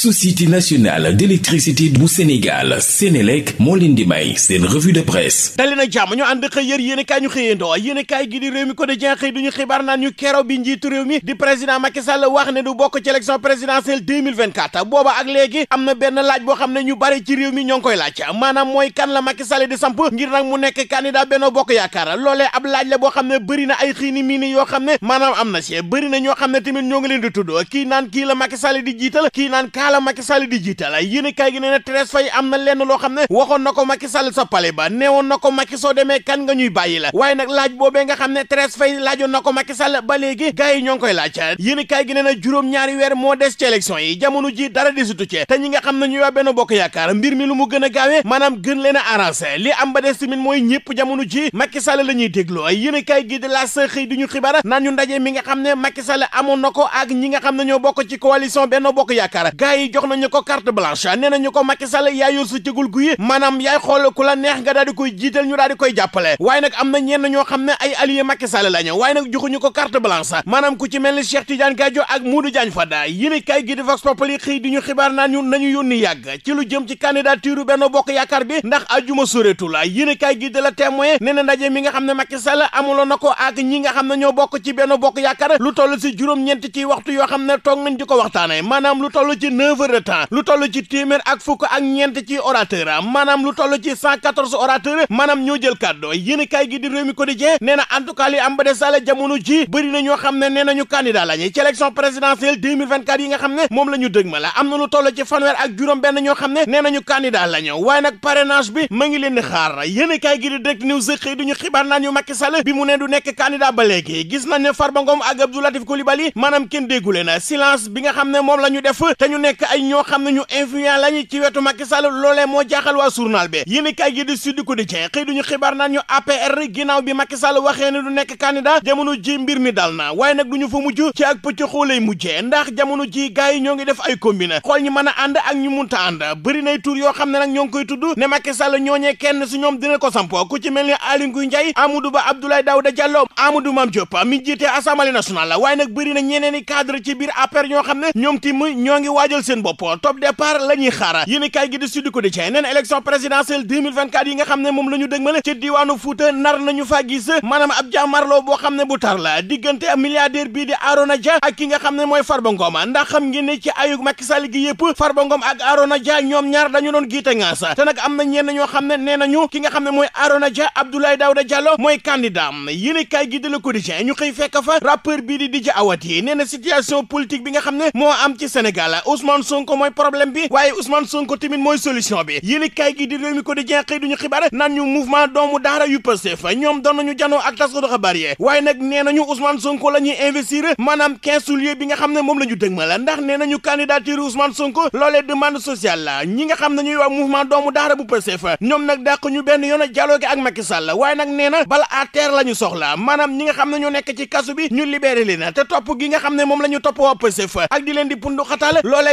société nationale d'électricité bu Sénégal Sénélec moo leen di may seen revue de presse dali na jàmm ñu ànd xëy yër yéen i kaay ñu xëyandoo yéen i kaay gi di réew mi quotidien xëy duñu xibaar naan ñu keroog bi njiitu mi di président Macky Sall wax ne du bokk ci élection présidentielle 2024 booba ak léegi am na benn laaj boo xam ne ñu bari ci réew mi ñoo ngi koy laaj maanaam mooy kan la Macky Sall di samp ngir nag mu nekk candidat Benno Bokk Yaakaar loolee ab laaj la boo xam ne bëri xam ne maanaam am na na ñoo xam ne tamit ñoo ngi leen di tudd kii naan la Macky Sall di jiital yéenekaay gi na Thérèse Faye am na lenn loo xam ne waxoon na ko Macky Sall sa pale ba neewoon na ko Macky soo demee kan nga ñuy bàyyi la waaye nag laaj boobee nga xam ne Thérèse Faye laajoon na ko Macky Sall ba léegi gars yi ñoo ngi koy laaj yéenekaay gi nee na juróom-ñaari weer moo des ci yi jamono ji dara desitu ci te ñi nga xam ne ñuy waa benn bokk yaakaar mbir mi lu mu gën a gaawee maanaam gën leen a li am ba des tamit mooy ñëpp jamono ji Macky la ñuy déglu yéenekaay gi di la sa xëy di ñu xibaar naan mi nga xam ne Macky Sall amoon na ko ak ñi nga xam ne ñoo bokk benn bokk yaakaar yi na nañu ko carte blanche nee nañu ko Macky sa cëgul guyi maanaam yaay xool ku la neex nga daal di koy jiital ñu daal di koy jàppale waaye nag am na ñenn ñoo xam ne ay allié Macky Sall lañu waaye nag joxuñu ko carte blanche maanaam ku ci mel ni Cheikh Tidiane Gadio ak Modou Diagne Fada yéen kay gi di Vox ñu xibaar naan ñu nañu yàgg ci lu jëm ci candidature benn Bokk Yaakaar bi ndax juma ajuma soreetul yéen kay gi di la témoin nee na ndaje mi nga xam ne Macky Sall amuloon na ko ak ñi nga xam ne ñoo bokk ci benn Bokk Yaakaar lu toll si juróom ñent ci waxtu yoo xam ne toog nañ di ko waxtaane maanaam lu toll ci neuf heures de temps lu toll ci téeméer ak fukk ak ñeent ci orateur maanaam lu toll ci cent quatorze orateur maanaam ñoo jël kàddu yéen kaay gi di réew mi quotidien nee na en tout cas li am ba des la jamono ji bëri ñoo xam ne nee nañu candidat lañu ci élection présidentielle yi nga xam ne moom la ñu dëg ma la am na lu toll ci fanweer ak juróom benn ñoo xam ne nee nañu candidat lañu waaye nag bi ma ngi xaar yéen kaay gi di direct news xëy duñu xibaar naan ñu Macky bi mu ne du xam ne moom la ñu nekk ay ñoo xam ne ñu influent lañu ci wetu Macky Sall loolee moo jaaxal waa journal bi yéen kaay gi di Sud Quotidien xëy duñu xibaar naan ñu APR ginnaaw bi Macky Sall du nekk candidat jamono ji mbir mi dal na waaye nag du ñu fa mujj ci ak pëcc xoolay mujjee ndax jamono ji gars yi def ay combine xool ñi mën a ànd ak ñu munta ànd bëri nay yoo xam ne nag ñoo ngi koy ne Macky Sall ñooñee kenn si ñoom dina ko sampo ku ci mel ni Aly Ngouille Ndiaye Amadou Ba Abdoulaye Daouda Diallo Amadou i cadre ci seen bopp top départ la ñuy xaar yéen i kaay gi di Sud Quotidien nga xam ne moom la ñu ci diwaanu Fuuta nar nañu faa gis maanaam ab jàmmarloo boo xam ne bu tar la diggante ab milliardaire bii di Arona ak ki nga xam ne mooy Farba Ngom ndax xam ngeen ci ayu Macky gi yëpp Farba Ngom ak Arona ñoom ñaar dañu doon giite ngaasa te nag am na ñenn nañu ki nga xam ne mooy Arona Dia Abdoulaye Daouda Diallo mooy candidat Ousmane Sonko mooy problème bi waaye Ousmane Sonko tamit mooy solution bi yéen kaay gi di réew mi ko di jeex xëy duñu xibaar naan ñu mouvement doomu daara yu Pastef ñoom doon nañu janoo ak taskatu xabaar yi waaye nag nee nañu Ousmane Sonko la ñuy investir maanaam quinze juillet bi nga xam ne moom la ñu dëgmal ndax nee nañu candidature Ousmane Sonko loolee demande sociale la ñi nga xam ne ñu benn yoon a dialogue ak Macky Sall waaye nag nee na bala à terre la ñu soxla maanaam ñi nga xam ne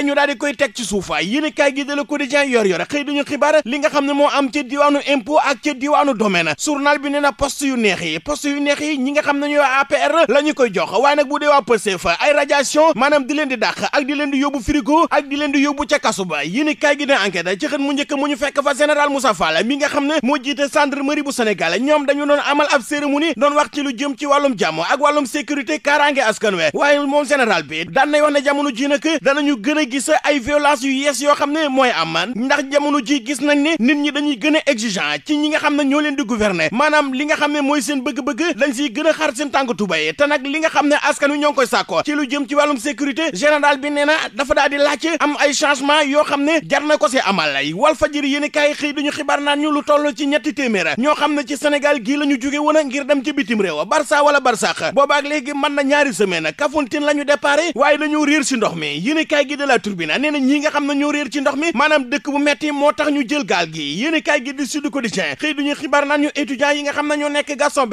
ñu daal koy teg ci suufa yéen kaay gi de Le Quotidien yor yor xëy dañu xibaar li nga xam ne moo am ci diwaanu impôt ak ci diwaanu domaine journal bi nee na post yu neex yi post yu neex yi ñi nga xam ne ñooy APR la ñu koy jox waaye nag bu dee waa Pastef ay radiation maanaam di leen di dàq ak di leen di yóbbu frigo ak di leen di yóbbu ca kasu ba yéen gi de enquête ci xën mu njëkk mu ñu fekk fa général Moussa Fall mi nga xam ne moo jiite gendarmerie bu Sénégal ñoom dañu doon amal ab cérémonie doon wax ci lu jëm ci wàllum jàmm ak wàllum sécurité kaaraange askan we waaye moom général bi daan nay wax ne jamono ji nag danañu gën a gis ay violence yu yees yoo xam ne mooy am ndax jamono ji gis nañ ne nit ñi dañuy gën a exigeant ci ñi nga xam ne ñoo leen di gouverner maanaam li nga xam ne mooy seen bëgg-bëgg lañ siy gën a xaar seen tànk tubay te nag li nga xam ne askan wi ñoo ngi koy sàkko ci lu jëm ci wàllum sécurité général bi nee na dafa daal di laaj am ay changement yoo xam ne jar na ko si amal ay Walfadjri yéen kaay xëy dañu xibaar naan ñu lu toll ci ñetti téeméer ñoo xam ne ci Sénégal gii la ñu jóge woon ngir dem ci bitim réew Barça wala Barsax boobaak léegi mën na ñaari semaine Kafountine la ñu déparé si ndox mi turbina nee na ñi nga xam ne ñoo réer ci ndox mi maanaam dëkk bu metti moo tax ñu jël gaal gi yéene kaay gi di Sud ne ñoo nekk Gaston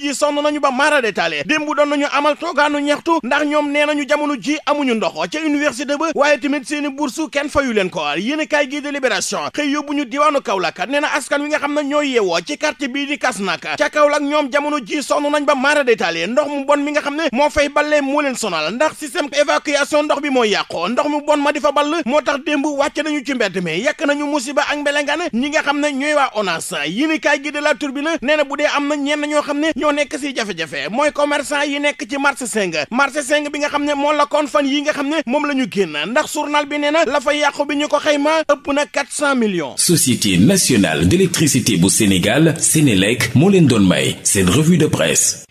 ji sonn nañu ba mara détaillé démb doon nañu amal toogaanu ñaxtu ndax ñoom nee nañu jamono ji amuñu ndox ca université ba waaye tamit seeni boursu kenn fayu leen ko yéene kaay gi de Libération xëy yóbbu ñu diwaanu Kaolack nee na askan wi nga xam ne ñoo yeewoo ci quartier bii di Kasnack ca Kaolack ñoom jamono ji sonn nañ ba mara détaillé ndox mu bon mi nga xam ne moo fay balee moo leen sonal ndax système évacuation ndox bi moo yàqoo ndox mu bon ma di fa ball moo tax démb wàcc nañu ci mbedd mi yàq nañu musiba ak mbelengane ñi nga xam ne ñooy waa ONAS yi ni kaay gi bi la nee na bu dee am na ñenn ñoo xam ne ñoo nekk si jafe-jafe mooy commerçant yi nekk ci marché seng marché seng bi nga xam ne moo la kon fan yi nga xam ne moom la ñu génn ndax journal bi nee na la fa yàqu bi ñu ko xayma ëpp na 400 millions. Société nationale d'électricité bu Sénégal Sénélec moo leen doon may seen revue de presse.